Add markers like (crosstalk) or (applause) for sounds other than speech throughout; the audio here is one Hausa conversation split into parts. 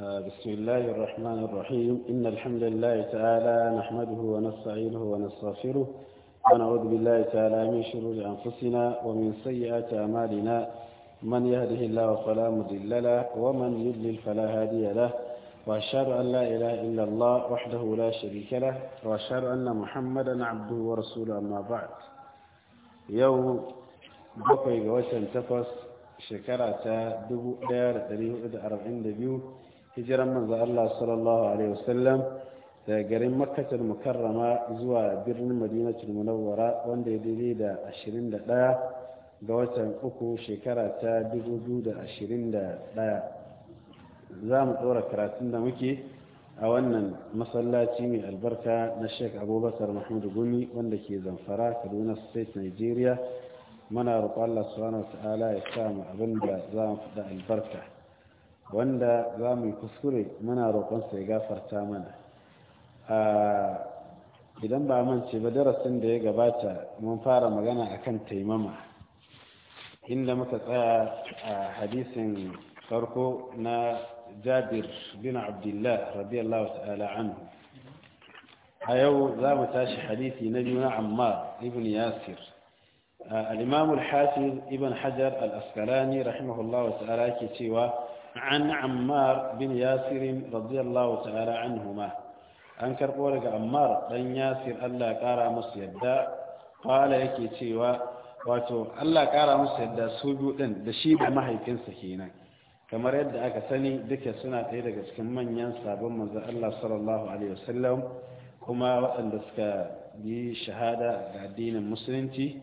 بسم الله الرحمن الرحيم إن الحمد لله تعالى نحمده ونستعينه ونستغفره ونعوذ بالله تعالى من شرور أنفسنا ومن سيئات أعمالنا من يهده الله فلا مضل له ومن يضلل فلا هادي له وأشهد أن لا إله إلا الله وحده لا شريك له وأشهد أن محمدا عبده ورسوله أما بعد يوم بقي وسن تقص شكرة دبو دار 142 hijiran manzo Allah sallallahu alaihi wasallam daga garin makkatul mukarrama zuwa birnin madina munawwara wanda ya daidai da 21 ga watan uku shekara ta 2021 za mu tsora karatun da muke a wannan masallaci mai albarka na sheik abubakar mahmudu gumi wanda ke zamfara kaduna state nigeria mana roƙon Allah subhanahu wa ta'ala ya sa mu abin da za mu faɗa albarka wanda za mu yi kuskure muna roƙonsa ya gafarta mana idan ba mance ba darasin da ya gabata mun fara magana akan taimama inda muka tsaya a hadisin farko na jabir bin abdullah radiyallahu ta'ala anhu a yau za mu tashi hadisi na biyu na ammar ibn yasir al imamul al-hafiz ibn hajar al askalani rahimahullahu ta'ala ke cewa عن عمار بن ياسر رضي الله تعالى عنهما أنكر قولك عمار بن ياسر ألا كارا مسيدا قال يكي ƙara musu yadda su biyu ɗin da shi ba mahaifinsa kenan kamar yadda aka sani duka suna ɗaya daga cikin manyan sabon manzan Allah sallallahu alaihi wasallam kuma waɗanda suka yi shahada ga addinin musulunci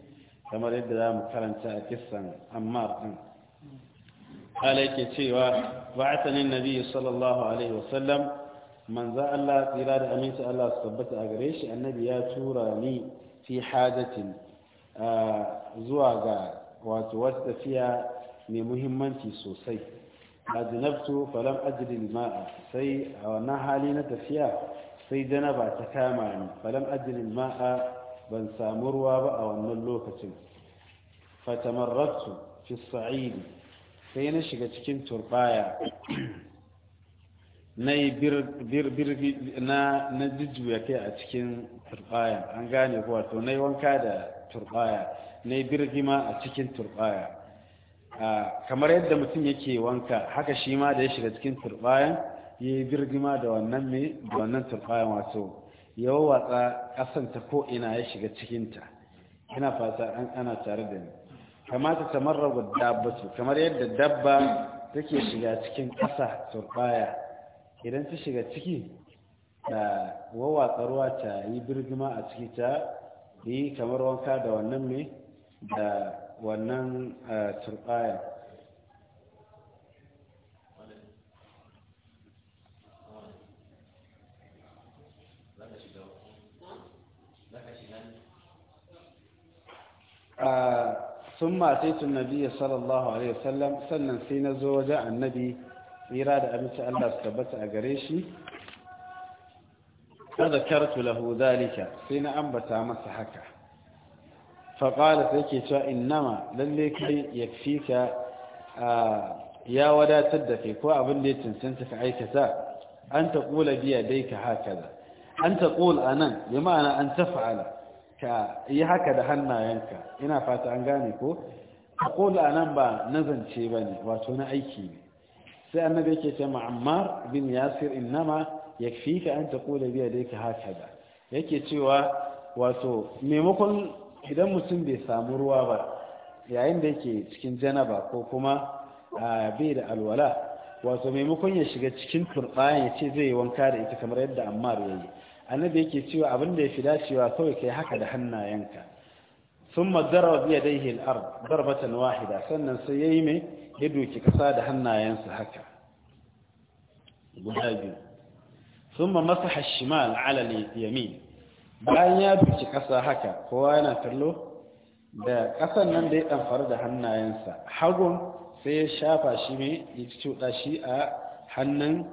kamar yadda za mu karanta a kissan ammar ɗin ala cewa ba'athanin nabi sallallahu alaihi wasallam manzo Allah tsira da aminci Allah su tabbata a gare shi annabi ya tura ni fi hajatin zuwa ga wato wata tafiya mai muhimmanci sosai ajinabtu falam ajri ma'a sai a wannan hali na tafiya sai janaba ta kama ni falam ajri ma'a ban samu ruwa ba a wannan lokacin fatamarratu fi sa'idi sai na shiga cikin turbaya na yi na jujjuya kai a cikin turbaya an gane kuwa wato na yi wanka da turbaya na yi birgima a cikin turbaya kamar yadda mutum yake wanka haka shi ma da ya shiga cikin turbaya ya yi birgima da wannan mai da wannan turbaya wato ya watsa ƙasanta ko ina ya shiga cikinta ina fata ana tare da ni kamata ta dabbatu kamar yadda dabba take shiga cikin ƙasa turbaya idan ta shiga ciki da wawatsa ruwa ta yi birgima a ciki ta yi kamar wanka da wannan mai da wannan eh, turbaya a ah, sun masu yi nabi sallallahu alaihi wasallam sannan sai na zo wajen annabi tsira da abinci allah su tabbata a gare shi ta zakartu lahu zalika sai na ambata masa haka faƙala sai ke cewa innama lallai kai ya fi ka ya wadatar da kai ko abin da ya cancanta ka aikata an ta ƙula biya haka da an ta a nan bi ma'ana an ta fa'ala ka yi haka da hannayenka ina fata an gane ko a kola a nan ba na zance ba ne wato na aiki ne sai annabi yake ce ma'ammar bin yasir in nama ya fi ka an ta kola biya da yake haka da yake cewa wato maimakon idan mutum bai samu ruwa ba yayin da yake cikin janaba ko kuma bai da alwala wato maimakon ya shiga cikin turɓa ya ce zai yi wanka da ita kamar yadda ammar ya yi annabi yake cewa abin da ya fi dacewa kawai kai haka da hannayenka sun mazara biya daihe al'ar darbatan wahida sannan sai ya yi mai ya doki kasa da hannayensa haka guda biyu sun ma masa hashimal alal yamin bayan ya doki kasa haka kowa yana kallo da kasan nan da ya ɗanfar da hannayensa hagun sai ya shafa shi mai ya cuɗa shi a hannun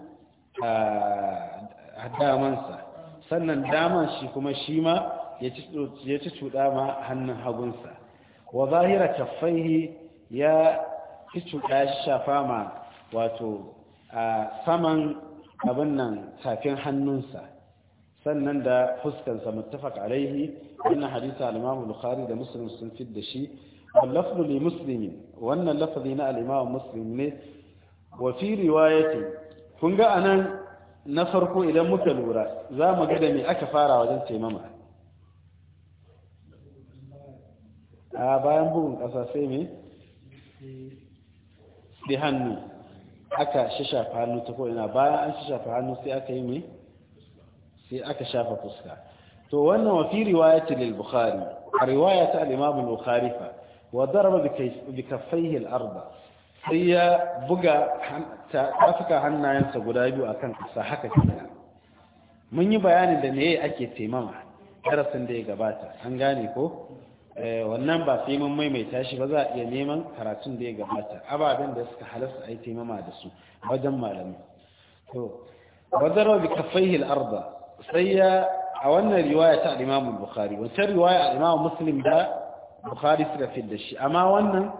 damansa sannan daman shi kuma shi ma ya ci cuɗa ma hannun hagunsa wa zahira kaffaihi ya ci cuɗa shi shafa ma wato a saman abin nan tafin hannunsa sannan da fuskansa muttafaq alaihi wannan hadisi al-Imam Bukhari da Muslim sun da shi واللفظ لمسلم wannan اللفظ na الامام مسلم ne wa fi riwayati kun ga anan na farko idan muka lura za mu ga da me aka fara wajen taimama a bayan bugun ƙasa sai me da hannu aka shafa hannu ta ko'ina bayan an shafa hannu sai aka yi me sai aka shafa fuska to wannan wafi riwayatul al-bukhari a riwaya ta al-imam al-bukhari fa wa daraba bi kaffaihi al sai ya buga tafuka hannayensa guda biyu a kan kasa haka kenan mun yi bayanin da meye ake taimama darasin da ya gabata an gane ko eh, wannan ba sai mun maimaita shi ba za a iya neman karatun da ya gabata ababen da suka halasta a yi taimama da su wajen malami to wadarwa bi kafaihi al-arda sai ya a wannan riwaya ta al-Imam Bukhari wannan riwaya al-Imam Muslim da Bukhari suka da shi amma wannan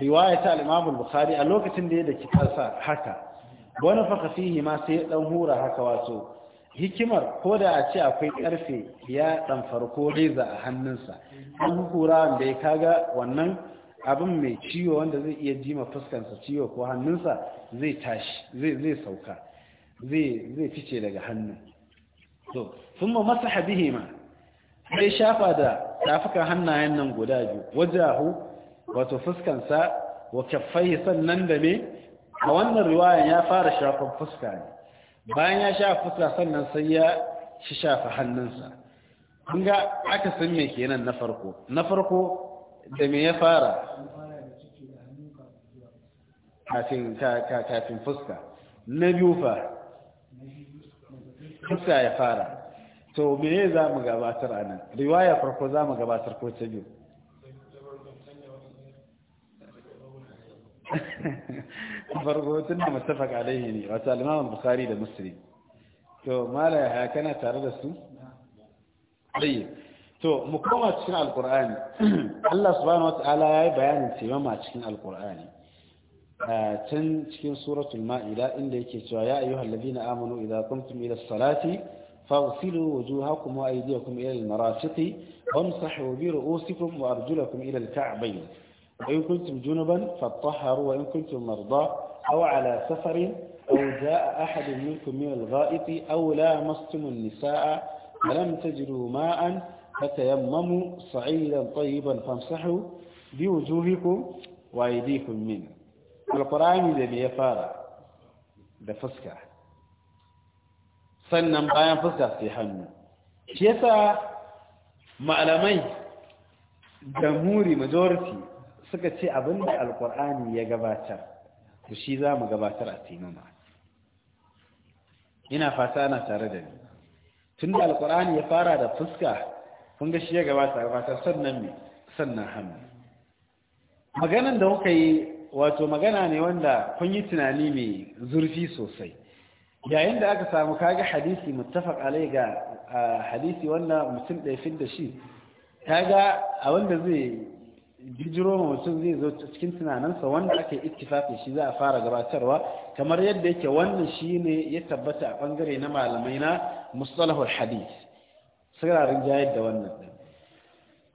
riwaya ta al-Imam al-Bukhari a lokacin da ya daki haka wani faka fihi ma sai ɗan hura haka wato hikimar ko da a ce akwai karfe ya dan farko reza a hannunsa an hura da ya kaga wannan abin mai ciwo wanda zai iya jima fuskansa ciwo ko hannunsa zai tashi zai sauka zai fice daga hannu. to sun ma masa habihi ma sai shafa da tafukan hannayen nan guda biyu wajahu wato fuskansa wa kaffai sannan da me a wannan riwaya ya fara shafan fuska ne bayan ya shafa fuska sannan sai ya shi shafa hannunsa kun ga aka san me kenan na farko na farko da me ya fara kafin fuska na biyu fa fuska ya fara to me za mu gabatar a nan riwaya farko za mu gabatar ko ta biyu فرغوتنا متفق عليه رسال يعني الإمام البخاري للمسلم تو ما لا هكنا تردسوا طيب تو مكومة تشكين القرآن (clears throat) الله سبحانه وتعالى بيان انتمام مع تشكين القرآن آه، تن تشكين سورة إلى إن ليكتوا يا أيها الذين آمنوا إذا قمتم إلى الصلاة فاغسلوا وجوهكم وأيديكم إلى المرافق وامسحوا برؤوسكم وأرجلكم إلى الكعبين وإن كنتم جنبا فاتطهروا وإن كنتم مرضى أو على سفر أو جاء أحد منكم من الغائط أو لامستم النساء فلم تجدوا ماء فتيمموا صعيدا طيبا فامسحوا بوجوهكم وأيديكم منه القرآن إذا بيفارة da fuska sannan bayan fuska sai hannu shi yasa malamai jamhuri majority suka ce abinda alkur'ani ya gabatar to shi za mu gabatar a sinima. ina fata ana tare da ni tun da alkur'ani ya fara da fuska kun ga shi ya gabata gabata sannan sannan hannu maganan da kuka yi wato magana ne wanda kun yi tunani mai zurfi sosai yayin da aka samu kaga hadisi muttafaq alai ga hadisi wanda mutum ɗaya da shi kaga a wanda zai bijiro mutum zai zo cikin tunaninsa wanda ake ittifafi shi za a fara gabatarwa kamar yadda yake wannan shi ne ya tabbata a bangare na malamai na mustalahul hadis sirarin jayar da wannan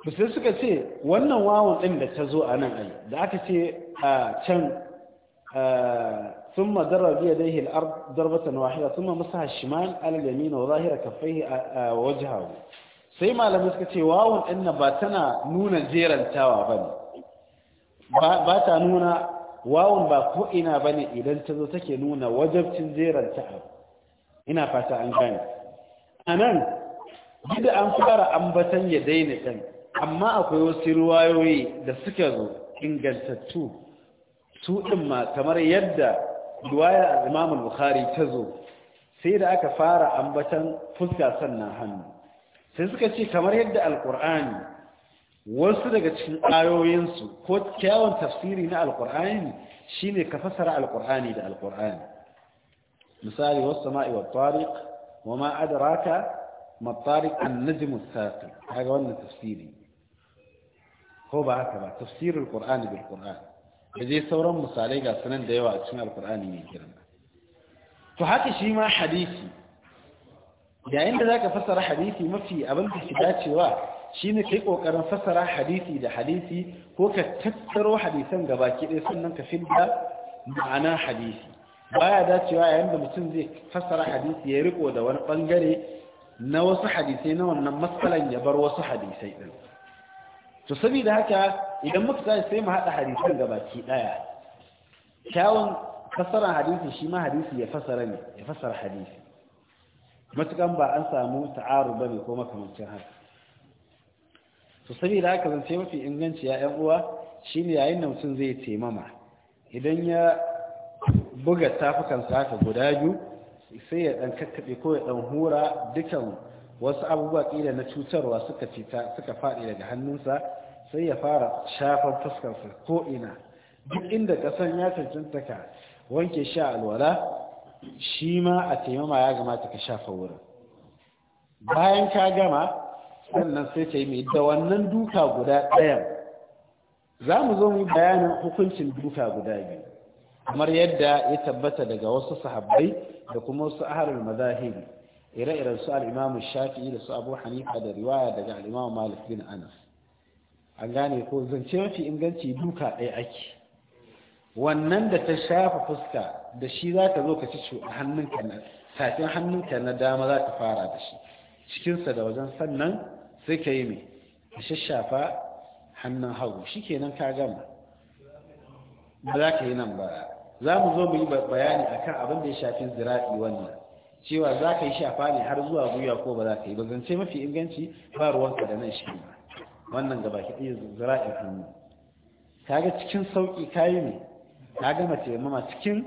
ɗin sai suka ce wannan wawon ɗin da ta zo a nan ai da aka ce a can ثم ضرب بيديه الأرض ضربة واحدة ثم مسح الشمال على اليمين وظاهر كفيه ووجهه sai malamai suka ce wawon ɗin ba tana nuna jerantawa ba ne ba ta nuna wawon ba ko'ina ba ne idan ta zo take nuna wajabcin jeranta abu ina fata an gani a nan gida an fara ambatan ya daina ɗan amma akwai wasu ruwayoyi da suka zo ingantattu su ɗin ma kamar yadda ruwaya a imamun bukhari ta zo sai da aka fara ambatan fuska sannan hannu sai suka ce kamar yadda alkur'ani wasu daga cikin ayoyinsu ko kyawun tafsiri na alkur'ani shine ka fasara alkur'ani da alkur'ani misali wasu sama'i wa tariq wa ma adraka ma tariq an-najm saqi kaga wannan tafsiri ko ba haka ba tafsirul qur'ani bil qur'an da dai sauran misalai ga sunan da yawa a cikin alkur'ani mai girma to haka shi ma hadisi yayin da zaka fassara hadisi mafi abin da shi dacewa shine kai kokarin fassara hadisi da hadisi ko ka tattaro hadisan gabaki ɗaya sannan ka fidda ma'ana hadisi baya dacewa yayin da mutum zai fassara hadisi ya riko da wani bangare na wasu hadisai na wannan matsalan ya bar wasu hadisai din to saboda haka idan muka tashi sai mu hada hadisan gabaki daya kyawun fassara hadisi shi ma hadisi ya fassara ne ya fassara hadisi matukan ba an samu ta'aru bane ko makamancin haka to da haka zance mafi inganci ya yan uwa shine yayin da mutum zai taimama idan ya buga tafukansa haka guda biyu sai ya dan kakkabe ko ya dan hura dukan wasu abubuwa kila na cutarwa suka fita suka faɗi daga hannunsa sai ya fara shafar fuskarsa ko ina duk inda kasan ya cancanta ka wanke sha alwala shi ma a taimama ya gamata ka shafa wurin bayan ka gama sannan sai ka yi mai da wannan duka guda ɗayan za mu zo mu bayanin hukuncin duka guda biyu kamar yadda ya tabbata daga wasu sahabbai da kuma wasu aharar mazahiri ire-iren su al'imamu shafi'i da su abu hanifa da riwaya daga al'imamu malik bin anas an gane ko zance mafi inganci duka ɗaya ake wannan da ta shafa fuska da shi za ka zo ka ci a hannunka na tafin hannunka na dama za ka fara da shi cikinsa da wajen sannan sai ka yi mai ka shashafa hannun hagu shi kenan ka gama ba za ka yi nan ba za mu zo mu yi bayani kan abin da ya shafi zira'i wannan cewa za ka yi shafa ne har zuwa gwiwa ko ba za ka yi ba zance mafi inganci ba ruwanka da nan shi wannan gaba ki iya zira'in hannu ga cikin sauƙi ka yi mai. ta gama taimama cikin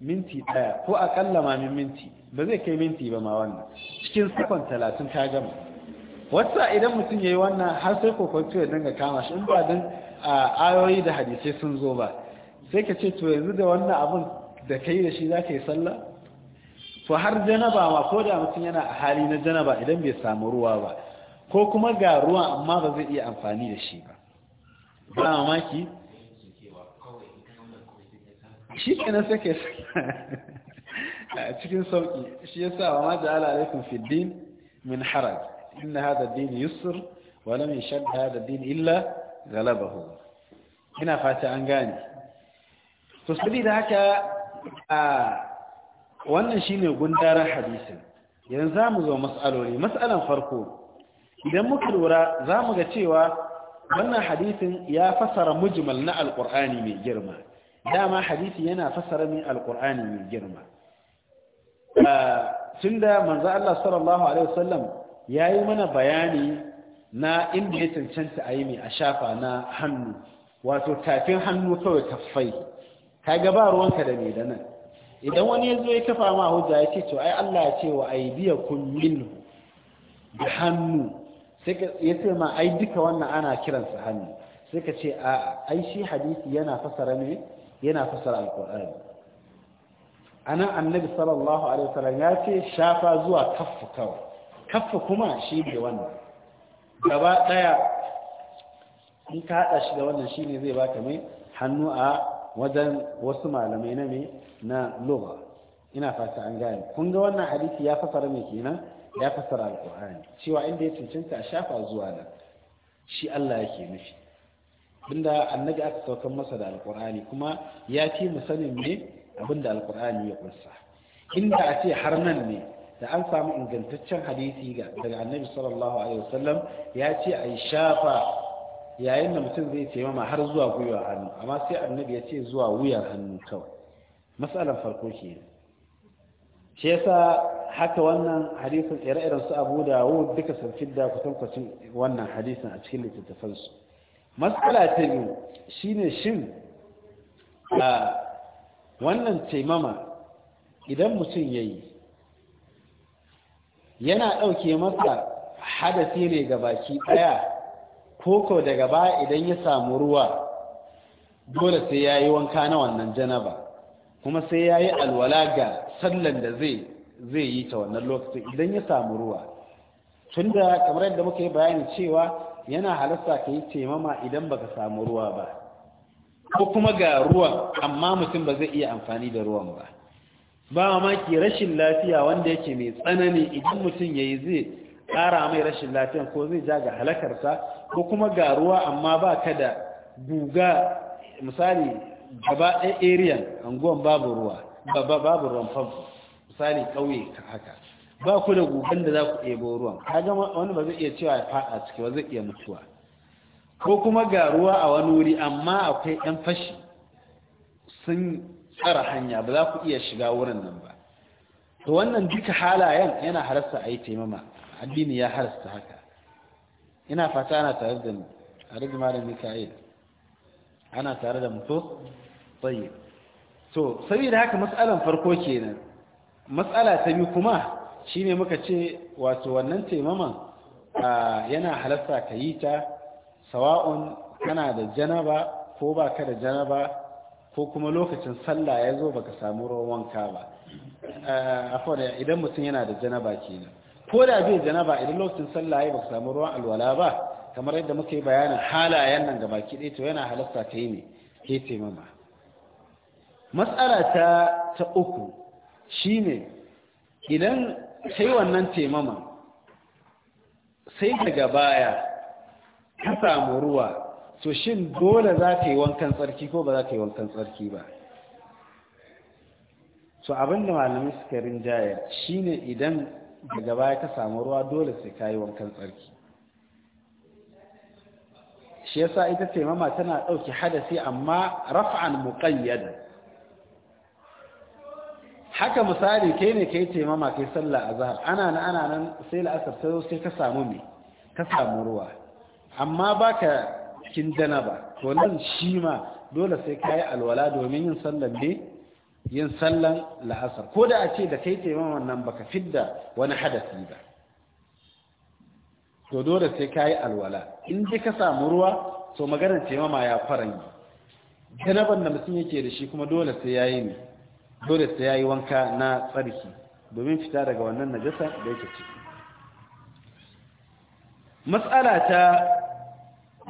minti ɗaya ko aƙalla ma min minti ba zai kai minti ba ma wannan cikin sakon talatin ka gama wata idan mutum ya yi wannan har sai kokonto ya dinga kama shi in ba don ayoyi da hadisai sun zo ba sai ka ce to yanzu da wannan abun da ka yi da shi za ka yi sallah to har janaba ma ko da mutum yana a hali na janaba idan bai samu ruwa ba ko kuma ga ruwa amma ba zai iya amfani da shi ba ba mamaki shi kenan sai ke (laughs) cikin sauki shi ya sa wa ma ja'ala alaikum fi din min haraj inna hadha ad-din yusr wa mai yashad hada din illa Galabahu, ina fata an gane to da haka a wannan shi shine gundaran hadisin yanzu mu zo mas'aloli mas'alan farko idan muka lura za mu ga cewa wannan hadisin ya fasara mujmal na alqur'ani mai girma dama hadisi yana fassara min alqur'ani mai girma ah, tunda manzo Allah sallallahu alaihi wasallam yayi mana bayani na inda ya cancanta a yi mai a shafa na hannu wato tafin hannu kawai kaffai kaga ba ruwanka da mai da nan idan wani ya zo ya kafa ma hujja ya ce to ai Allah ya ce wa aydiyakum minhu da hannu sai ka ya ce ma ai duka wannan ana kiransa hannu sai ka ce a ai shi hadisi yana fasara ne yana fasara alkur'ani nan annabi sallallahu alaihi wasallam ya ce shafa zuwa kaffu kawai kaffu kuma shi ne wannan gaba ɗaya in ka haɗa shi da wannan shine zai baka mai hannu a wajen wasu malamai na mai na lugha ina fata an gane kun ga wannan hadisi ya fasara mai kenan ya fasara alkur'ani cewa inda ya cancanta a shafa zuwa nan shi Allah yake nufi binda annabi aka saukan masa da alkur'ani kuma ya fi mu sanin ne abin da alkur'ani ya kunsa inda a ce har nan ne da an samu ingantaccen hadisi daga annabi sallallahu alaihi wasallam ya ce a shafa yayin da mutum zai ce mama har zuwa gwiwa hannu amma sai annabi ya ce zuwa wuyar hannu kawai matsalar farko ke shi yasa haka wannan hadisin ire-iren su abu da duka sun fidda kusan kwacin wannan hadisin a cikin littattafansu matsala ta shi ne shin a wannan taimama idan mutum ya yi yana ɗauke masa hadasi ne ga baki ɗaya ko koko daga ba idan ya samu ruwa dole sai ya yi wanka na wannan janaba kuma sai ya yi alwala ga sallan da zai zai yi ta wannan lokacin idan ya samu ruwa tunda kamar yadda muka yi bayani cewa yana halasta ka yi taimama idan baka samu ruwa ba ko kuma ga ruwa amma mutum ba zai iya amfani da ruwan ba ba maki rashin lafiya wanda yake mai tsanani idan mutum ya yi zai ƙara mai rashin lafiyan ko zai ja ga halakarsa ko kuma ga ruwa amma ba ka da guga misali gaba ɗaya ariyan anguwan babu ruwa babu ruwan famfo misali ƙauye ka haka ba ku da gugan da za ku ɗebo ruwan kaga wani ba zai iya cewa ya faɗa ciki ba zai iya mutuwa ko kuma ga ruwa a wani wuri amma akwai ɗan fashi sun tsara hanya ba za ku iya shiga wurin nan ba to wannan duka halayen yana halasta a yi taimama addini ya halasta haka ina fata ana tare da mu a rigima da mika'il ana tare da mutu tsaye to saboda haka matsalan farko kenan matsala ta biyu kuma Shi ne muka ce wato wannan taimaman yana halarta ka yi ta sawa'un kana da janaba ko ba ka da janaba ko kuma lokacin sallah ya zo baka samu ruwan wanka ba afuwa idan mutum yana da janaba ke nan, ko da zai janaba idan lokacin sallah ya baka samu ruwan alwala ba kamar yadda muka yi bayanin halayen nan gaba ɗaya to yana halarta ka yi ne ke taimama matsala ta ta uku shine idan yi wannan taimama, sai daga baya ka samu ruwa to shin dole za ka yi wankan tsarki ko ba za ka yi wankan tsarki ba to abinda malami suka rinjaya shine idan daga baya ka samu ruwa dole sai ka yi wankan tsarki shi yasa ita taimama tana ɗauki hadasi amma raf'an muƙayyada haka misali kai ne kai taimama kai sallah zahar? ana nan ana nan sai la'asar sai sai ka samu me ka samu ruwa amma baka cikin janaba to nan shi ma dole sai kai alwala domin yin sallan ne yin sallan la'asar ko da a ce da kai taimama nan baka fidda wani hadasi ba to dole sai kai alwala in dai ka samu ruwa to maganar taimama ya faranyi janaban da mutum yake da shi kuma dole sai yayi ne dole sai yayi wanka na tsarki domin fita daga wannan najasa da yake ciki matsala ta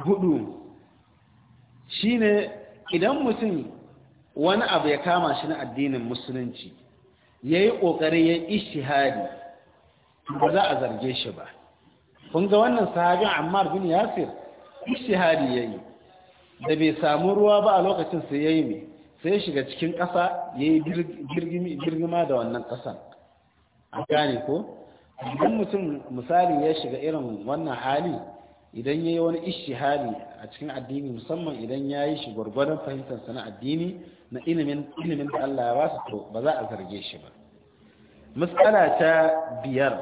hudu shine idan mutum wani abu ya kama shi na addinin musulunci yayi kokari ya ishtihadi ba za a zarge shi ba kun ga wannan sahabin Ammar bin Yasir ishtihadi yayi da bai samu ruwa ba a lokacin sai yayi mai. sai shiga cikin ƙasa ya yi girgima da wannan ƙasan an gane ko idan mutum misali ya shiga irin wannan hali idan ya yi wani ishi hali a cikin addini musamman idan ya yi shi gwargwadon fahimtarsa na addini na ilimin da Allah ya basu to ba za a zarge shi ba matsala ta biyar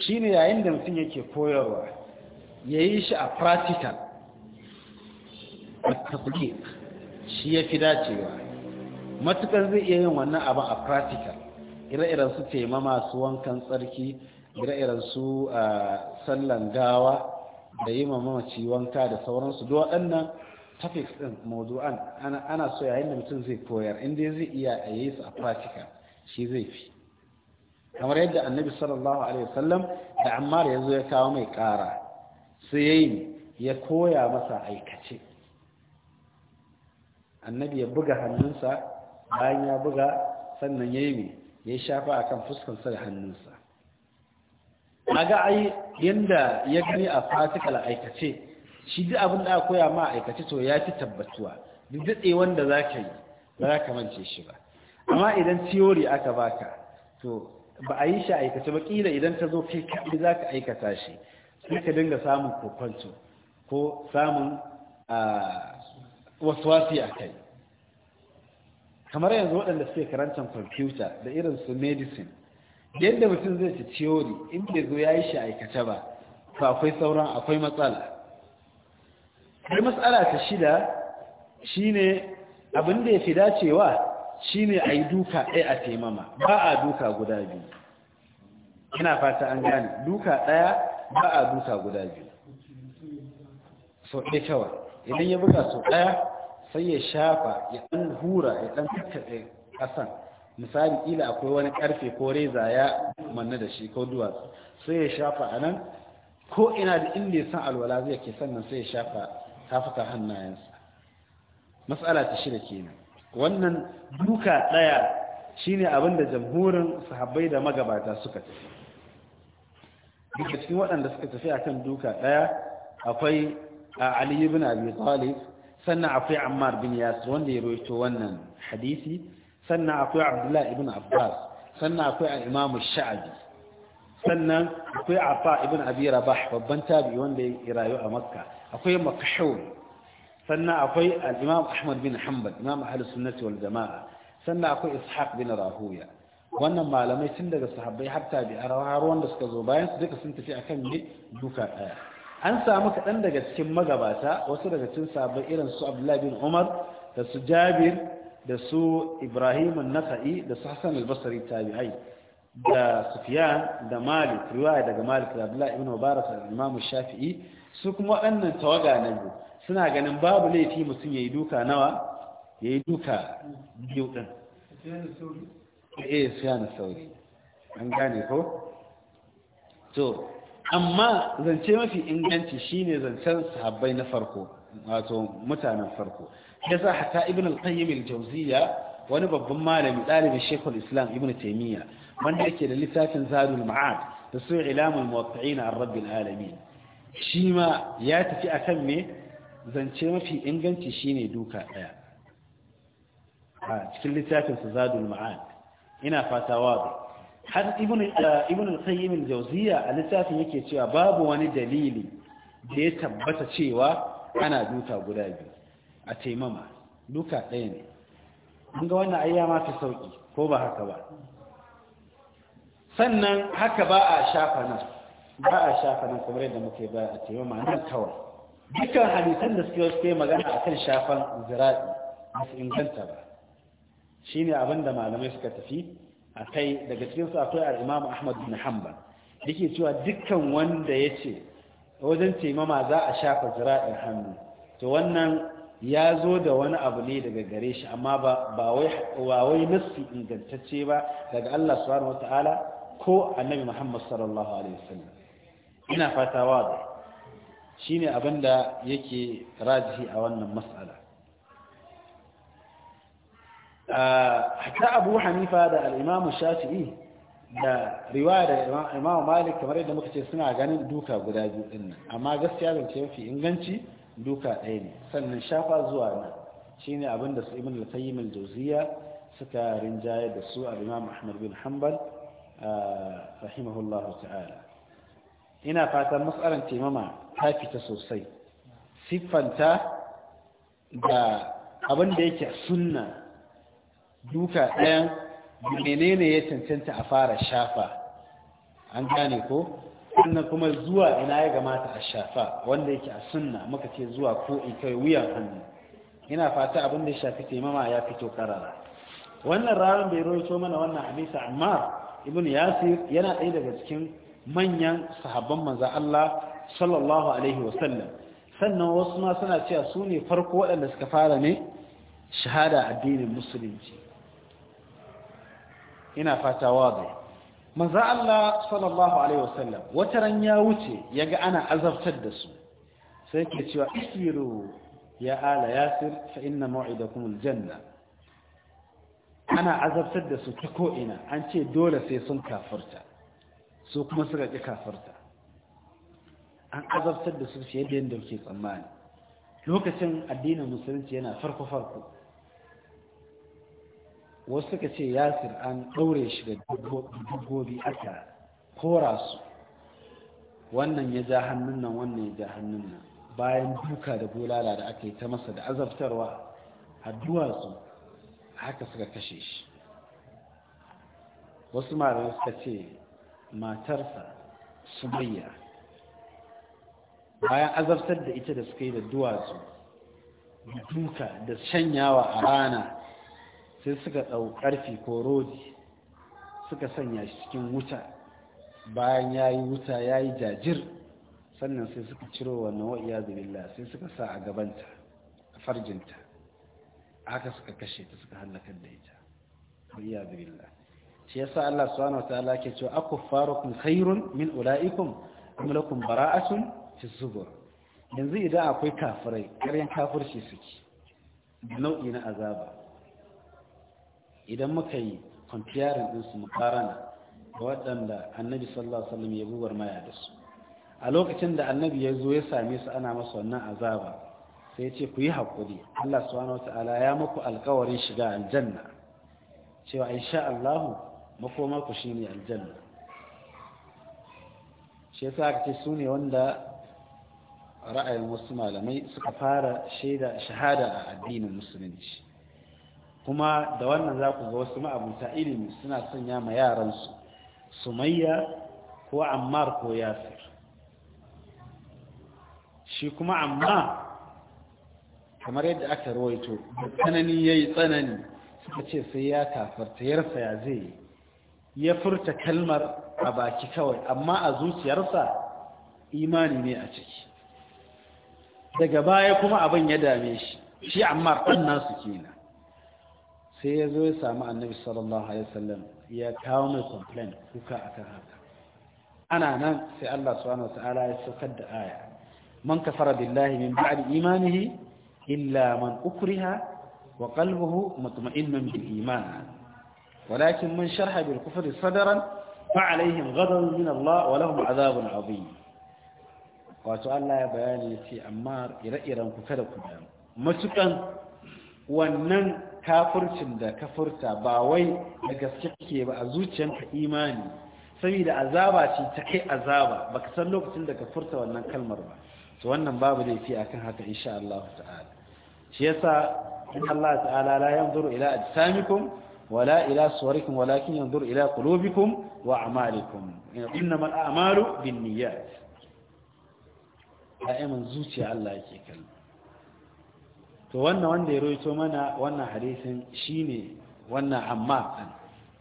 shine yayin da mutum yake koyarwa ya yi shi a practical shi ya fi dacewa matukar zai iya yin wannan abin a practical ire-iren su taimama masu wankan tsarki ire-iren su sallan gawa da yi mamaci wanka da sauransu da waɗannan topics ɗin mawdu'an ana so yayin da mutum zai koyar inda zai iya a yi a practical shi zai fi kamar yadda annabi sallallahu alaihi wasallam da ammar ya zo ya kawo mai ƙara sai yayi ya koya masa aikace annabi ya buga hannunsa bayan ya buga sannan ya yi ya shafa akan fuskansa da hannunsa a ga ai yadda ya gani a fatikal aikace shi duk abin da aka koya ma aikace to ya fi tabbatuwa duk daɗe wanda za ka yi ba za ka mance shi ba amma idan tiyori aka baka to ba a yi shi aikace ba ƙila idan ta zo kai kaɗai za ka aikata shi sai ka dinga samun kokonto ko samun ah, wasu wasi a kai kamar yanzu waɗanda suke karantar kwamfuta da irin su medicine yadda mutum zai ci theory in bai zo ya yi shi aikace ba to akwai sauran akwai matsala kai matsala ta shida shine abin da ya fi dacewa shine a yi duka ɗaya a taimama ba a duka guda biyu ina fata an gane duka ɗaya ba a duka guda biyu so ɗaya kyawa idan ya buga so ɗaya sai ya shafa ya ɗan hura ya ɗan kakkaɓe ƙasan misali ila akwai wani ƙarfe ko reza ya manna da shi ko duwatsu sai ya shafa a nan ko ina da inda ya san alwala zai ke sannan sai ya shafa tafuka hannayensa matsala ta shida kenan wannan duka ɗaya shine abin da jamhurin sahabbai da magabata suka tafi duka cikin waɗanda suka tafi akan duka ɗaya akwai a ali ibn abi talib sannan akwai ammar bin yasir wanda ya roito wannan hadisi sannan akwai abdullahi ibn abbas sannan akwai imamu sha'abi sannan akwai afa ibn abi rabah babban tabi wanda ya rayu a makka akwai makashur sannan akwai al ahmad bin hanbal imam ahlus sunnati wal jamaa sannan akwai ishaq bin rahuya wannan malamai sun daga sahabbai har tabi'a har wanda suka zo bayan su duka sun tafi akan ne duka daya an samu kaɗan daga cikin magabata wasu daga cikin sabbin irin su abdullahi bin umar da su jabir da su ibrahim nasa'i da su hassan albasari tabi'ai da sufiyan da malik riwaya daga malik da abdullahi ibn mubarak da imamu shafi'i su kuma waɗannan tawaga na biyu suna ganin babu laifi mutum ya yi duka nawa ya yi duka biyu ɗin eh sauri an gane ko to amma zance mafi inganci shine zancen sahabbai na farko wato mutanen farko yasa hatta ibn al-qayyim al-jawziya wani babban malami dalibin shekul islam ibn taymiya wanda yake da littafin zadul ma'ad da su ilamul muwaqqi'in an rabbil alamin shi ma ya tafi akan me zance mafi inganci shine duka daya a cikin littafin zadul ma'ad ina fata wadu har ibn eh, al-qayyim al-jawziya a littafin yake cewa babu wani dalili da ya tabbata cewa ana duta guda biyu a taimama duka ɗaya ne mun ga wannan ayya ma fi sauki ko ba haka ba sannan haka ba a shafa nan ba a shafa nan kamar yadda muke ba a taimama nan kawai dukkan hadisan da suke suke magana akan shafan zira'i ba su inganta ba shine abinda malamai suka tafi akai daga cikin su akwai al-Imam Ahmad bin Hanbal yake cewa dukkan wanda yace wajen taimama za a shafa zira'in hannu to wannan ya zo da wani abu ne daga gare shi amma ba wai nassi ingantacce ba daga Allah subhanahu wata'ala ko annabi Muhammad sallallahu alaihi wasallam ina fata wa shine abinda yake rajihi a wannan mas'ala hatta abu hanifa da al'imamu shafi'i da riwaya da imamu malik kamar yadda muka ce suna ganin duka guda biyu din nan amma gaskiya ce mafi inganci duka ɗaya ne sannan shafa zuwa na shine abinda da su ibn al-qayyim al-jawziya suka rinjaye da su al-imam ahmad bin hanbal rahimahullahu ta'ala ina fatan matsalar taimama ta fita sosai siffanta da abin da yake sunna duka ɗayan menene ya cancanta a fara shafa an gane ko sannan kuma zuwa ina ya gamata a shafa wanda yake a sunna muka ce zuwa ko in kai wuyan hannu ina fata abin da ya shafi taimama ya fito karara wannan ranar bai roito mana wannan hadisi amma ibn yasir yana ɗaya daga cikin manyan sahabban manzo Allah sallallahu alaihi wasallam sannan wasu ma suna cewa su ne farko waɗanda suka fara ne shahada addinin musulunci ina fata wazi manzo Allah sallallahu alaihi wasallam wata ran ya wuce yaga ana azabtar da su sai ke cewa isiru ya ala yasir fa inna maw'idakum aljanna ana azabtar da su ta ko ina an ce dole sai sun kafirta su kuma suka ki kafirta an azabtar da su shi yadda yake tsammani lokacin addinin musulunci yana farko farko wasu suka ce yasir an ɗaure shi da dubbobi aka kora su wannan ya ja hannun nan wannan ya ja hannun nan bayan duka da bulala da aka yi ta masa da azabtarwa a duwatsu haka suka kashe shi wasu malamai suka ce matarsa sumayya bayan azabtar da ita da suka yi da duwatsu duka da shanyawa a rana sai suka ɗau ƙarfi ko rodi suka sanya shi cikin wuta bayan ya yi wuta ya yi jajir sannan sai suka ciro wannan wa'iya zubillah sai suka sa a gabanta a farjinta haka suka kashe ta suka hallakar da ita wa'iya zubillah shi sa Allah subhanahu Wata ala ke cewa farukun khairun min ulaikun, am bara'atun fi zubur yanzu idan akwai kafirai ƙaryan kafirci suke nau'i na azaba idan muka yi kwamfiyarin ɗinsu mukarana da waɗanda annabi sallallahu ala'uwa ya buwar maya da su a lokacin da annabi ya zo ya same su ana masu wannan azaba sai ce ku yi haƙuri Allah subhanahu wata'ala ya muku alƙawarin shiga aljanna cewa insha Allahu makoma ku ne aljanna shi yasa aka ce sune wanda ra'ayin wasu malamai suka fara shaida shahada a addinin musulunci kuma da wannan za ku ga wasu ma'abuta ilimi suna sanya ma yaransu sumayya ko ammar ko yasir shi kuma amma kamar yadda aka rawaito tsanani ya yi tsanani suka ce sai ya kafarta yarsa ya zai yi ya furta kalmar a baki kawai amma a zuciyarsa imani ne a ciki daga baya kuma abin ya dame shi shi ammar ɗan nasu kenan sai ya zo ya samu annabi sallallahu alaihi wasallam ya kawo mai complain kuka akan haka ana nan sai Allah subhanahu wataala ya saukar da aya man kafara billahi min ba'di imanihi illa man ukriha wa qalbuhu mutma'innun bil iman walakin man sharha bil kufri sadran fa alaihim ghadabun min Allah wa lahum adhabun adhim wato Allah ya bayani ya ce amma ire-iren kuka da ku matukan wannan kafircin da ka furta, ba wai da gaske ba a ka imani Sabida azaba ce ta kai azaba ba ka san lokacin da ka kafirta wannan kalmar ba to wannan babu da akan haka insha Allah shi yasa in Allah ta'ala la yanzuru ila ajsamikum wala ila suwarikum walakin yanzuru ila qulubikum wa a'malikum innamal a'malu binniyat ayyamin zuciya Allah yake kallon to wannan wanda ya roito mana wannan hadisin shine wannan amma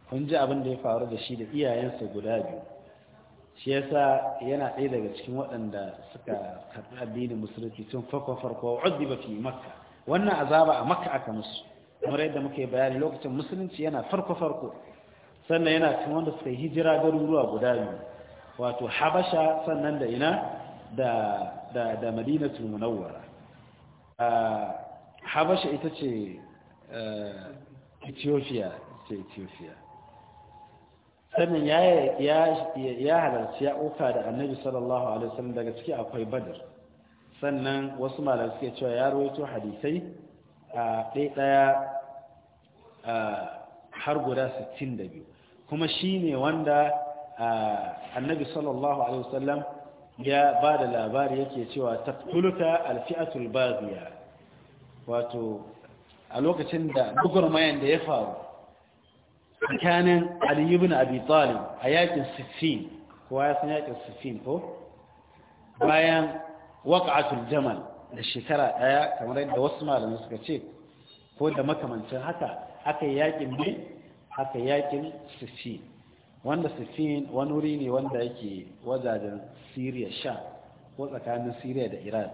kun ji abin da ya faru da shi da iyayensa guda biyu shi yasa yana ɗaya daga cikin waɗanda suka karɓi addinin musulunci tun farko farko ba fi makka wannan azaba a makka aka musu kamar yadda muke bayani lokacin musulunci yana farko farko sannan yana cikin wanda suka yi hijira garuruwa guda biyu wato habasha sannan da ina da da da madinatul munawwara ah, habasha ita ce eh, ethiopia ce ethiopia sannan ya halarci ya uka da annabi sallallahu alaihi wasallam daga ciki akwai badar sannan wasu malar suke cewa ya rawaito hadisai a ɗaya guda har guda 62 kuma shi ne wanda annabi sallallahu alaihi wasallam ya ba da labari yake cewa tattuluka alfi'atul baghiya wato a lokacin da mayan da ya faru tsakanin Ali Ibn abi talib a yakin sifin, ko ya san yakin siffin ko bayan waƙa'atul jamal da shekara ɗaya kamar yadda wasu malamai suka ce ko da makamancin haka aka yi yakin ne aka yakin sifin? wanda siffin wani wuri ne wanda yake wajajen siriya sha ko tsakanin siriya da iran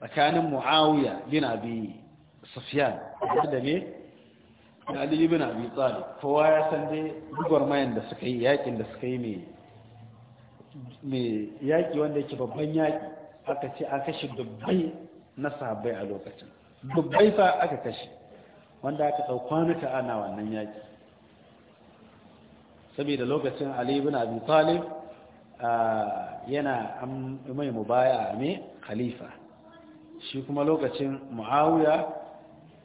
tsakanin muawiya bin abi sufyan da ne da ali bin abi talib kowa ya san dai mayan da suka yi yakin da suka yi mai yaki wanda yake babban yaki aka ce an kashe dubbai na sahabbai a lokacin dubbai fa aka kashe wanda aka ɗau kwanuka ana wannan yaki saboda lokacin ali bin abi yana mai mubaya ne khalifa shi kuma lokacin muawiya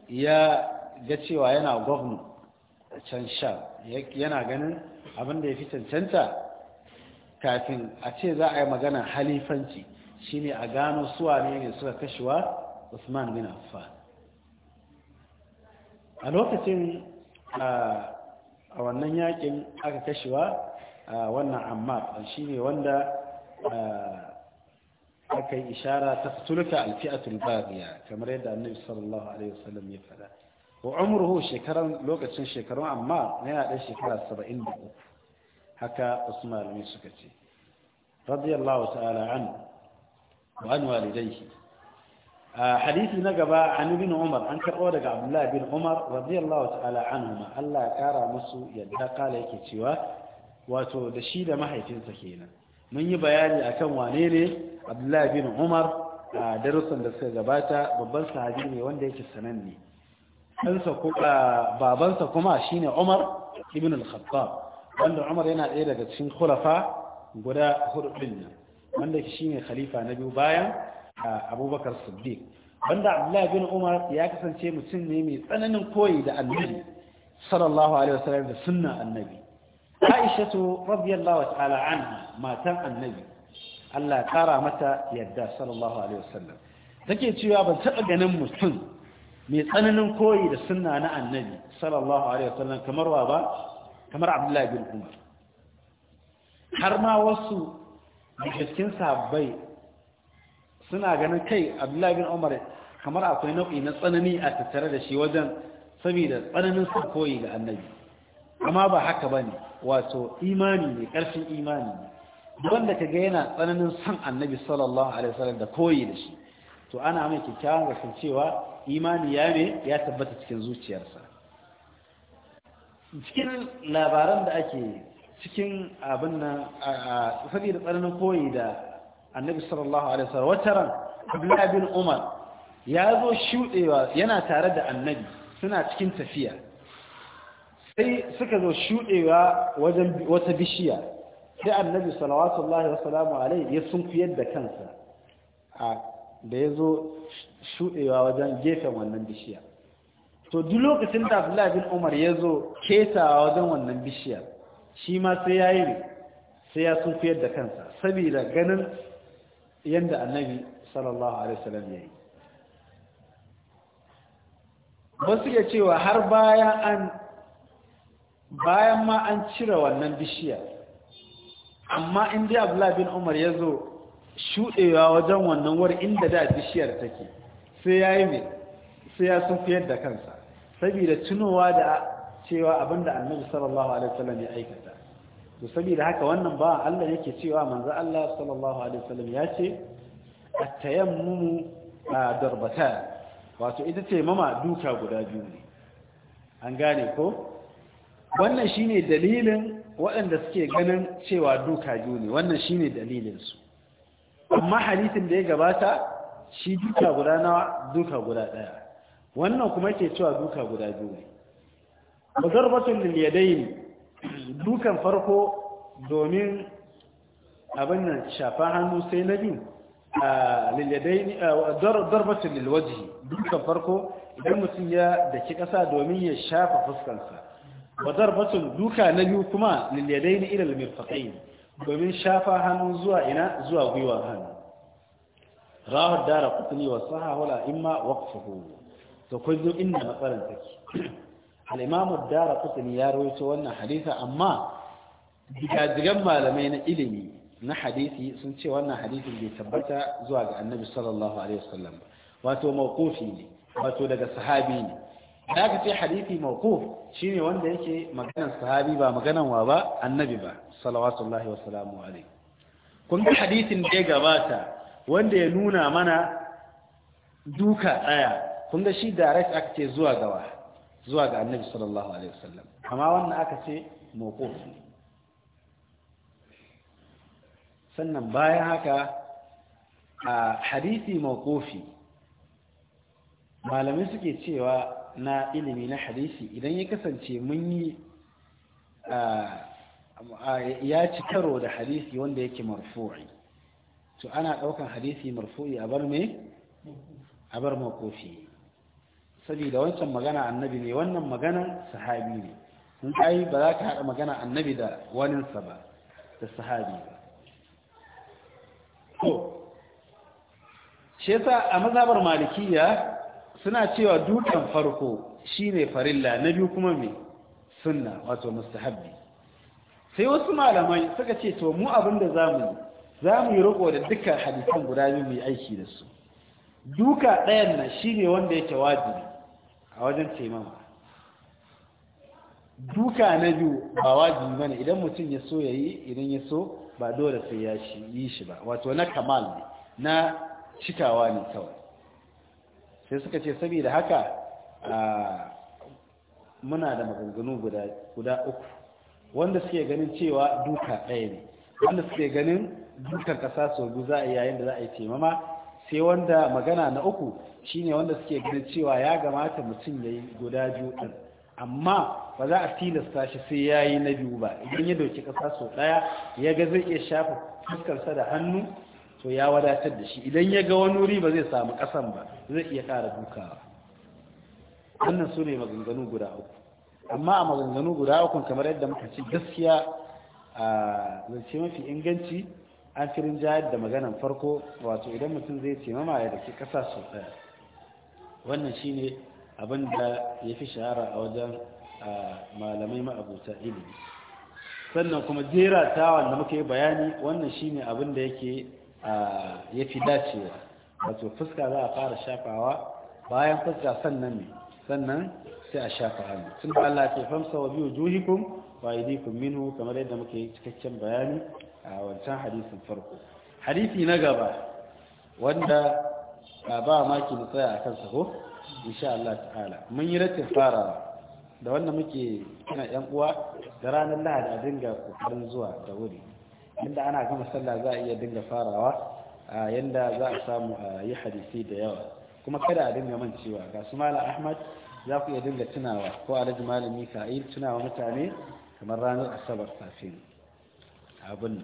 ya ga cewa yana gwamnu a can sha yana ganin abin da ya fi cancanta kafin a ce za a yi magana halifanci shine a gano suwa ne ne suka kashewa usman bin affan a lokacin a wannan yakin aka kashewa wannan amma shi ne wanda aka yi ishara ta tulka alfi'atul babiya kamar yadda annabi sallallahu alaihi wasallam ya faɗa wa umruhu shekaran lokacin shekarun amma yana da shekara 73 haka Usman almi suka ce radiyallahu ta'ala an wa an walidayhi hadisi na gaba an ibn Umar an karbo daga Abdullah bin Umar radiyallahu ta'ala anhuma Allah ya kara musu yadda kala yake cewa wato da shi da mahaifinsa kenan mun yi bayani akan wane ne abdullahi bin umar a darussan da suka gabata babban sahabi ne wanda yake sananne babansa kuma shine umar ibn al-khattab wanda umar yana ɗaya daga cikin khulafa guda hudu nan wanda shine khalifa na biyu bayan abubakar siddiq wanda abdullahi bin umar ya kasance mutum ne mai tsananin koyi da annabi sallallahu alaihi wasallam da sunna annabi aishatu radiyallahu ta'ala anha matan annabi Allah ya kara mata yadda sallallahu alaihi wasallam take cewa ban taɓa ganin mutum mai tsananin koyi da sunna na annabi sallallahu kamar abdullahi bin umar har ma wasu cikin sahabbai suna ganin kai abdullahi bin umar kamar akwai nau'i na tsanani a tattare da shi wajen saboda tsananin sun koyi ga annabi amma ba haka ba ne wato imani ne ƙarfin imani ne wanda ka ga yana tsananin son annabi sallallahu alaihi wasallam da koyi da shi to ana mai kyakkyawan rasin cewa imani ya ne ya tabbata cikin zuciyarsa cikin labaran da ake cikin abin nan a saboda tsananin koyi da annabi sallallahu alaihi wasallam wata ran abdullahi bin umar ya zo shuɗewa yana tare da annabi suna cikin tafiya sai suka zo shuɗewa wajen wata bishiya sai annabi salawatullahi wa salamu alaihi ya sunkuyar da kansa a da ya zo shuɗewa wajen gefen wannan bishiya to duk lokacin da abdullahi bin umar ya zo ketawa wajen wannan bishiya shi ma sai ya yi sai ya sunkuyar da kansa saboda ganin yadda annabi sallallahu alaihi wasallam ya yi wasu ya cewa har bayan an bayan ma an cire wannan bishiya amma inda abdullahi bin umar ya zo shuɗewa wajen wannan wari inda da bishiyar take sai ya yi sai ya sun fiye da kansa saboda tunowa da cewa abinda annabi sallallahu alaihi wasallam ya aikata to saboda haka wannan ba Allah yake cewa manzo Allah sallallahu alaihi wasallam ya ce at-tayammumu darbatan wato ita ce mama duka guda biyu an gane ko wannan shine dalilin waɗanda suke ganin cewa duka biyu ne wannan shine dalilinsu amma halittin da ya gabata shi duka guda nawa duka guda ɗaya wannan kuma ke cewa duka guda biyu ne bazarbatun ne dukan farko domin abin nan shafa hannu sai na biyu a lilyadaini darbatun lilwaji dukan farko idan mutum ya daki ƙasa domin ya shafa fuskansa wa zarbatun duka na yu kuma lilyadai na ilal ne domin shafa hannu zuwa ina zuwa gwiwa hannu rahar dara kutuli wa sahawala imma waqfuhu to kun zo inda matsalan take (clears throat) al-imam dara kutuli ya rawaito wannan haditha amma digajigan malamai na ilimi na hadisi sun ce wannan hadisin bai tabbata zuwa ga annabi sallallahu alaihi wasallam wato mawqufi ne wato daga sahabi ne da aka ce hadisi mawquf shine wanda yake maganar sahabi ba maganar wa ba annabi ba salawatullahi wa sallamu kun ga hadisin da gabata wanda ya nuna mana duka tsaya kun ga shi direct aka ce zuwa gawa zuwa ga annabi sallallahu alaihi wasallam amma wannan aka ce mawquf sannan bayan haka a hadisi mawqufi malamai suke cewa na ilimi na hadisi idan ya kasance mun yi ya ci karo da hadisi wanda yake marfu'i to ana ɗaukan hadisi marfu'i a bar me a bar makofi saboda wancan magana annabi ne wannan magana sahabi ne sun kai ba za ka haɗa magana annabi da waninsa ba da sahabi ba to shi yasa a mazhabar malikiyya suna cewa dukan farko shine farilla na biyu kuma mai sunna wato mustahabbi sai wasu malamai suka ce to mu abinda mu yi za mu yi roƙo da dukkan hadisan guda biyu mu aiki da su duka ɗayan nan shine wanda yake wajibi a wajen taimama duka na biyu ba wajibi mana, idan mutum ya so ya yi, idan ya so ba dole sai ya yi shi ba wato na kamal ne na cikawa ne kawai sai suka ce saboda haka muna da maganganu guda uku wanda suke ganin cewa duka ɗaya ne wanda suke ganin dukan ƙasa sau biyu za a yayin da za a yi taimama sai wanda magana na uku shine wanda suke ganin cewa ya gamata mutum ya yi guda biyu ɗin amma ba za a tilasta shi sai ya yi na biyu ba idan ya dauki ƙasa sau ɗaya ya ga zai iya shafa fuskarsa da hannu to ya wadatar da shi idan ya ga wani wuri ba zai samu kasan ba zai iya kara dukawa wannan su ne maganganu guda uku amma a maganganu guda uku kamar yadda muka ci gaskiya a zance mafi inganci an fi rinjayar da maganan farko wato idan mutum zai ce mama ya dake kasa su daya wannan shine abin da ya fi shahara a wajen malamai ma'abuta ilimi sannan kuma jera ta wanda muka yi bayani wannan shine abin da yake ya fi dacewa wato fuska za a fara shafawa bayan fuska sannan ne sannan sai a shafa hannu sun da Allah ke famsa wa biyu juhikun wa idikun minu, kamar yadda muke cikakken bayani a wancan hadisin farko hadisi na gaba wanda ba maki na tsaya a kansa ko insha Allah ta'ala mun yi rattin farawa da wanda muke kina yan uwa da ranar Lahadi a dinga kokarin zuwa da wuri inda ana gama sallah za a iya dinga farawa a yanda za a samu a yi hadisi da yawa kuma kada a dinga mancewa ga su mala ahmad za ku iya dinga tunawa ko alhaji malam mika'il tunawa mutane kamar ranar asabar kafin abin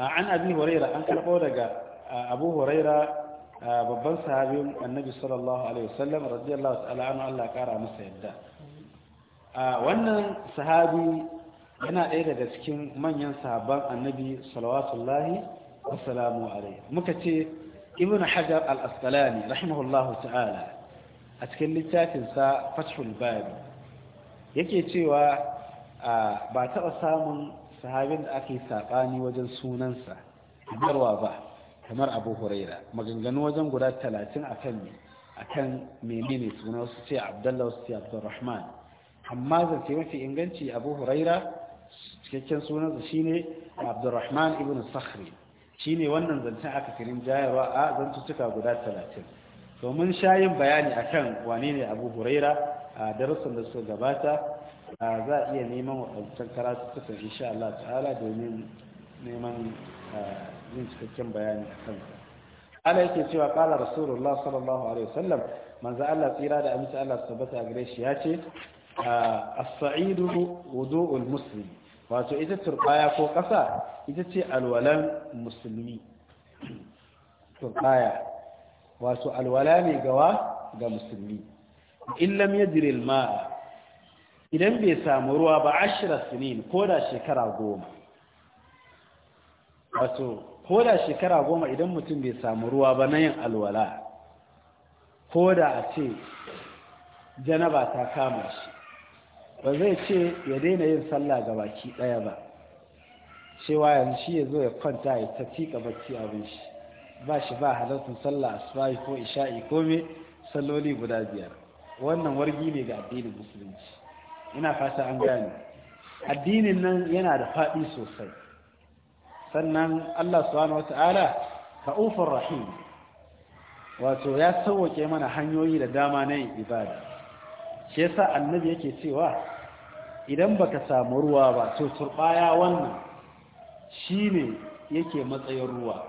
an abi huraira an karɓo daga abu huraira babban sahabin annabi sallallahu alaihi wasallam radiyallahu ta'ala an Allah kara masa yadda wannan sahabi yana ɗaya daga cikin manyan sahabban annabi salawatullahi wa salamu alaihi muka ce ibn hajar al-asqalani rahimahullahu ta'ala a cikin littafinsa fathul bari yake cewa ba taɓa samun sahabin da ake saɓani wajen sunansa garwa ba kamar abu huraira maganganu wajen guda talatin a kan menene suna wasu ce abdallah wasu ce abdurrahman amma zance mafi inganci abu huraira cikakken sunansa shine abdurrahman ibn sakhri shine wannan zancen aka kirin jayarwa a zantuttuka guda talatin to mun sha yin bayani akan wane ne abu huraira a darussan da suka gabata za a iya neman waɗancan karatuttukan insha Allah ta'ala domin neman yin cikakken bayani akan kansa ala yake cewa kala rasulullah sallallahu alaihi wasallam manzo Allah tsira da amince Allah tabbata gare shi ya ce as-sa'idu wudu'ul muslim wato ita turbaya ko ƙasa ita ce alwalan musulmi turbaya wato alwala ne gawa ga musulmi in lam yajril ma'a idan bai samu ruwa ba ashira sinin ko da shekara goma wato ko da shekara goma idan mutum bai samu ruwa ba na yin alwala ko da a ce janaba ta kama shi ba zai ce ya daina yin sallah ga baki ɗaya ba cewa yanzu shi ya zo ya kwanta ya ta tiƙa bacci abin shi ba shi ba halartun sallah asubahi ko isha'i ko me salloli guda biyar wannan wargi ne ga addinin musulunci ina fata an gane addinin nan yana da faɗi sosai sannan Allah subhanahu wata'ala ufar rahim wato ya sauwake mana hanyoyi da dama na yin ibada shi yasa annabi yake cewa idan baka samu ruwa ba to turbaya wannan shine yake matsayin ruwa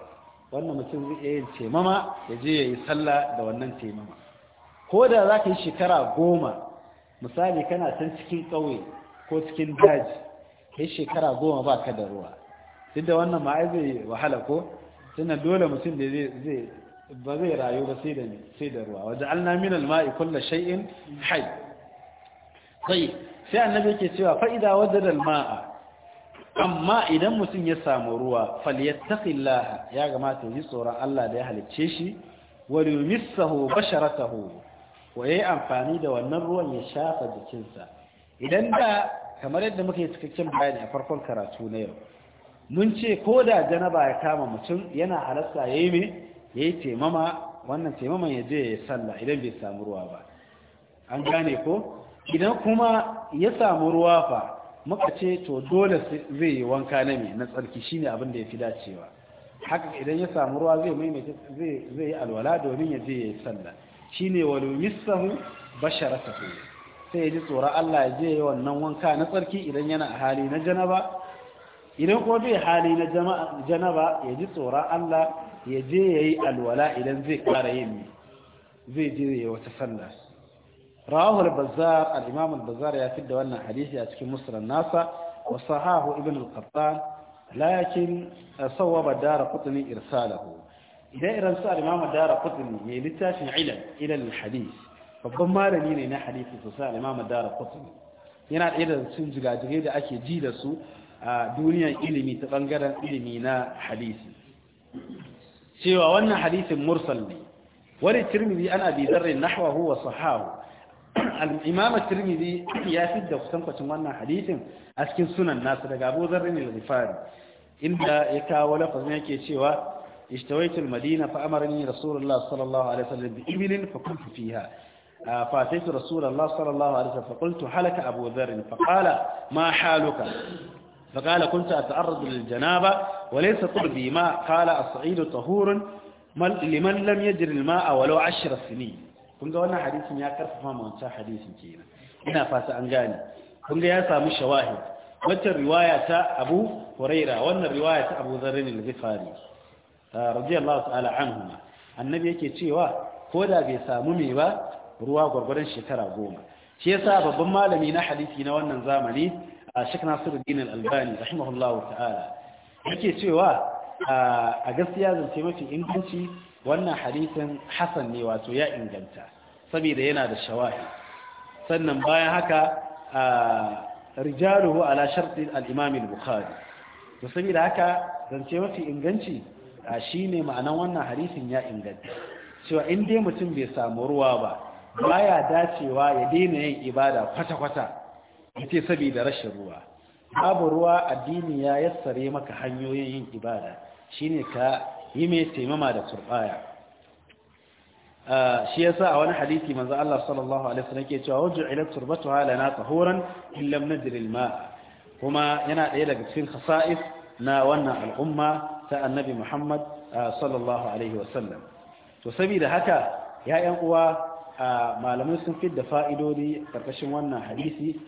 wannan mutum zai yi taimama ya je ya sallah da wannan taimama ko da za ka yi shekara goma misali kana can cikin ƙauye ko cikin daji kai shekara goma ba ka da ruwa duk da wannan ma'ai zai wahala ko tunan dole mutum da zai ba zai rayu ba sai da ruwa wajen alnaminal ma'i kulla shai'in hai sai sai annabi yake cewa fa idza dalma'a. maa amma idan mutum ya samu ruwa falyattaqillaha ya mata yi tsoron Allah da ya halicce shi wa yumissahu basharatahu wa yayi amfani da wannan ruwan ya shafa jikinsa idan da kamar yadda muka yi cikakken bayani a farkon karatu na yau mun ce ko da janaba ya kama mutum yana halarta yayi me yayi temama wannan temaman ya je ya sallah idan bai samu ruwa ba an gane ko idan kuma ya samu ruwa fa muka ce to dole zai yi wanka na mai na tsarki shine abin da ya fi dacewa haka idan ya samu ruwa zai maimaita zai yi alwala domin ya je ya yi sallah shine wani misahu basharatahu sai ya ji tsoron Allah ya je ya yi wannan wanka na tsarki idan yana a hali na janaba idan kuma bai hali na janaba ya ji tsoron Allah ya je ya yi alwala idan zai kara yin zai je ya yi wata sallah rawahul bazar al-imam al-bazar ya da wannan hadisi a cikin musnad nasa wa sahahu ibn al-qattan lakin sawaba dar qutni irsalahu idan irin su al-imam dar qutni littafin ilal ilal hadis babban malami ne na hadisi sosai al-imam dar qutni yana ɗaya da sun jigajigai da ake ji da su a duniyar ilimi ta bangaren ilimi na hadisi cewa wannan hadisin mursal ne wani tirmidhi an abi zarrin nahwahu wa sahahu al-imam at-tirmidhi ya fidda kusankwacin wannan hadithin a cikin sunan nasu daga Abu Dharr al inda ya kawo lafazin yake cewa ishtawaitul madina fa amarani rasulullah sallallahu alaihi wasallam bi ibilin fa kuntu fiha فأتيت رسول الله صلى الله عليه وسلم فقلت حلك أبو ذر فقال ما حالك فقال كنت أتعرض للجنابة وليس طلبي ماء sa'idu الصعيد طهور لمن لم يجر الماء ولو عشر سنين kun ga wannan hadisin ya karfafa ma wancan hadisin kenan ina fata an gane kun ga ya samu shawahid Wannan riwaya ta Abu Huraira wannan riwaya ta Abu Dharr al-Ghifari radiyallahu ta'ala anhu annabi yake cewa ko da bai samu me ba ruwa gwargwaron shekara goma shi yasa babban malami na hadisi na wannan zamani a Sheikh Nasiruddin Al-Albani rahimahullahu ta'ala yake cewa a gaskiya zance mafi inganci wannan hadisin hasan ne wato ya inganta saboda yana da shawahi sannan bayan haka rijaluhu ala shartin al-imam al-bukhari to saboda haka zance mafi inganci shine ma'anan wannan hadisin ya inganta cewa in dai mutum bai samu ruwa ba baya dacewa ya daina yin ibada kwata-kwata yace saboda rashin ruwa babu ruwa addini ya yassare maka hanyoyin yin ibada shine ka yi mai taimama da turbaya shi yasa a wani hadisi manzo Allah sallallahu alaihi wasallam ke cewa wajhu ila turbatuha lana tahuran in najri kuma yana daya daga cikin khasa'is na wannan al'umma ta annabi Muhammad sallallahu alaihi wasallam to saboda haka ya'yan uwa malamai sun fidda fa'idodi karkashin wannan hadisi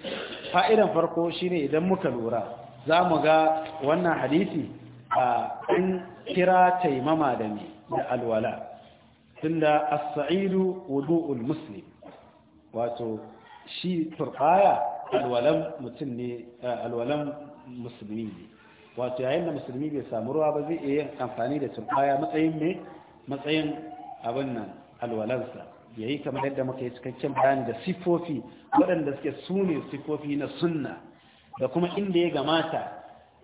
fa'idan farko shine idan muka lura za mu ga wannan hadisi an kira taimama da ne da alwala tunda as-sa'idu wudu'ul muslim wato shi turqaya alwalan mutum ne alwalan musulmi ne wato yayin da musulmi bai samu ruwa ba zai iya amfani da turqaya matsayin ne matsayin abin nan alwalansa yayi kamar yadda muka yi cikakken bayani da sifofi waɗanda suke sune sifofi na sunna da kuma inda ya gamata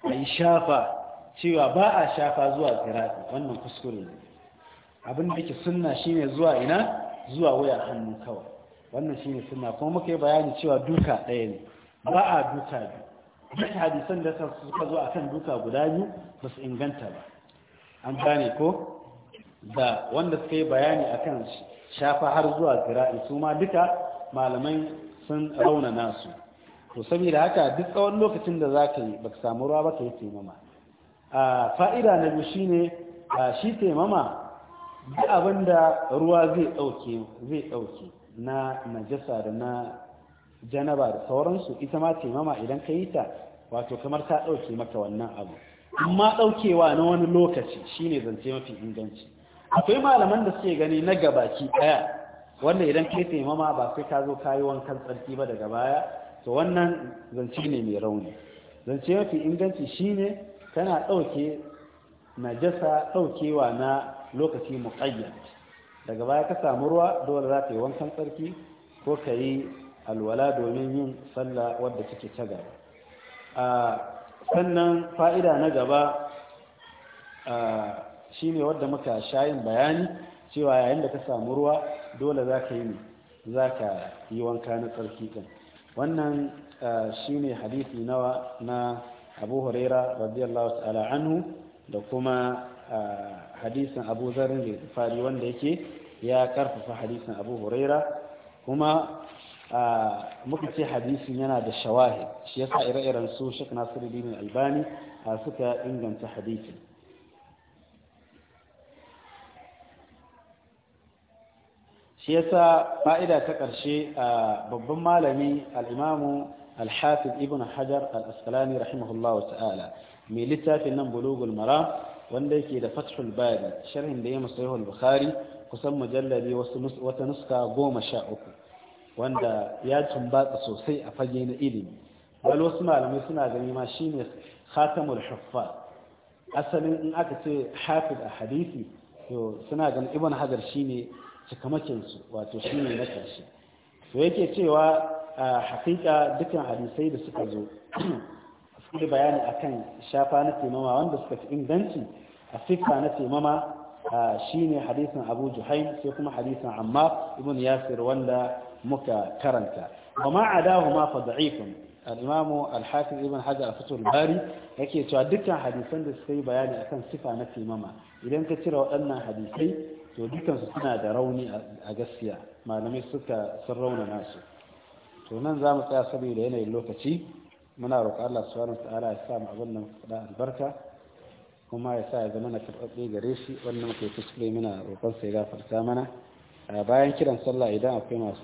a yi shafa cewa ba a shafa zuwa zira'i wannan kuskure ne abin da yake sunna shine zuwa ina zuwa waya hannu kawai wannan shine sunna kuma muka yi bayani cewa duka ɗaya ne ba a duka biyu duk hadisan da suka zo akan duka guda biyu ba su inganta ba an gane ko da wanda suka yi bayani akan shafa har zuwa zira'i su ma duka malamai sun raunana su to saboda haka duk tsawon lokacin da za ka yi ba ka samu ruwa ba ka yi taimama fa'ida na biyu shi ne shi taimama duk abin da ruwa zai ɗauke zai ɗauke na najasa da na janaba da sauransu ita ma taimama idan ka yi ta wato kamar ta ɗauke maka wannan abu amma ɗaukewa na wani lokaci shi ne zance mafi inganci akwai malaman da suke gani na gabaki ɗaya wanda idan yi taimama ba sai ka zo kayi wankan tsarki ba daga baya to wannan zance ne mai rauni zance mafi inganci shi ne. tana ɗauke najasa ɗaukewa na lokaci muƙayyad daga baya ka samu ruwa dole za ka yi wankan tsarki ko ka yi alwala domin yin sallah wadda take ta gaba sannan fa'ida na gaba shi ne wadda muka shayin bayani cewa yayin da ka samu ruwa dole za ka yi ne, za ka yi wanka na tsarki ɗin wannan shi ne nawa na abu huraira radiyallahu ta'ala anhu da kuma hadisin abu zarin da fari wanda yake ya karfafa hadisin abu huraira kuma muka ce hadisin yana da shawahi shi yasa ire-iren su shek nasiruddin albani suka inganta hadisin shi yasa ma'ida ta ƙarshe a babban malami al'imamu alhafiz ibn hajar al-asqalani rahimahullah ta'ala mai littafin nan bulugul mara wanda yake da fathul bari sharhin da ya musayi bukhari kusan mujallali wata nuska goma sha uku wanda ya tumbatsa sosai a fage na ilimi wani wasu malamai suna gani ma shine khatamul huffa asalin in aka ce hafiz a hadisi to suna ganin ibn hajar shine cikamakin su wato shine na karshe to yake cewa a hakika dukkan hadisai da suka zo (clears throat) suke bayani akan shafa na taimama wanda suka fi inganci a siffa na taimama shine hadisin abu juhaim sai kuma hadisin amma ibn yasir wanda muka karanta wa ma adahu ma fa da'ifun al al ibn hajar al-fatul bari yake cewa dukkan hadisan da suka yi bayani akan sifa na taimama idan ka cire waɗannan hadisai to dukansu suna da rauni a gaskiya malamai suka sun rauna su to nan za mu tsaya saboda yanayin lokaci muna roƙa Allah subhanahu wa ta'ala ya sa mu abin nan faɗa albarka kuma ya sa ya zama na karɓaɓɓe gare shi wannan muke kuskure muna roƙon sai gafarta mana bayan kiran sallah idan akwai masu